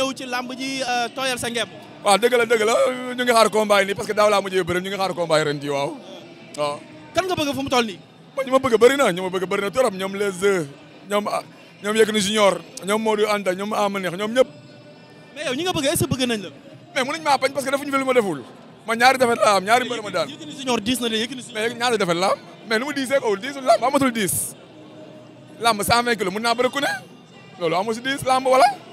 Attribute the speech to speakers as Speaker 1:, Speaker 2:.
Speaker 1: ñëw ci làmb ji euh, tooyal sa ngeem. waaw dëgg la dëgg la ñu ngi xaar combat yi parce que daaw laa mujjee bëri ñu xaar combat yi waaw waaw. kan nga bëgg fu mu toll nii. ba ñu ma bëgg bëri trop ñoom les deux ñoom ah, ñoom Yékini Junior ñoom la. bañ parce que defuñu fi lu ma ñaari defet la ñaari mbër ma daal Junior diis na de Yékini Junior. ñaari defet la am nu mu diisee kawul diisul lamb amatul diis lamb 120 kilos mun naa bëri loolu amu si diis lamb wala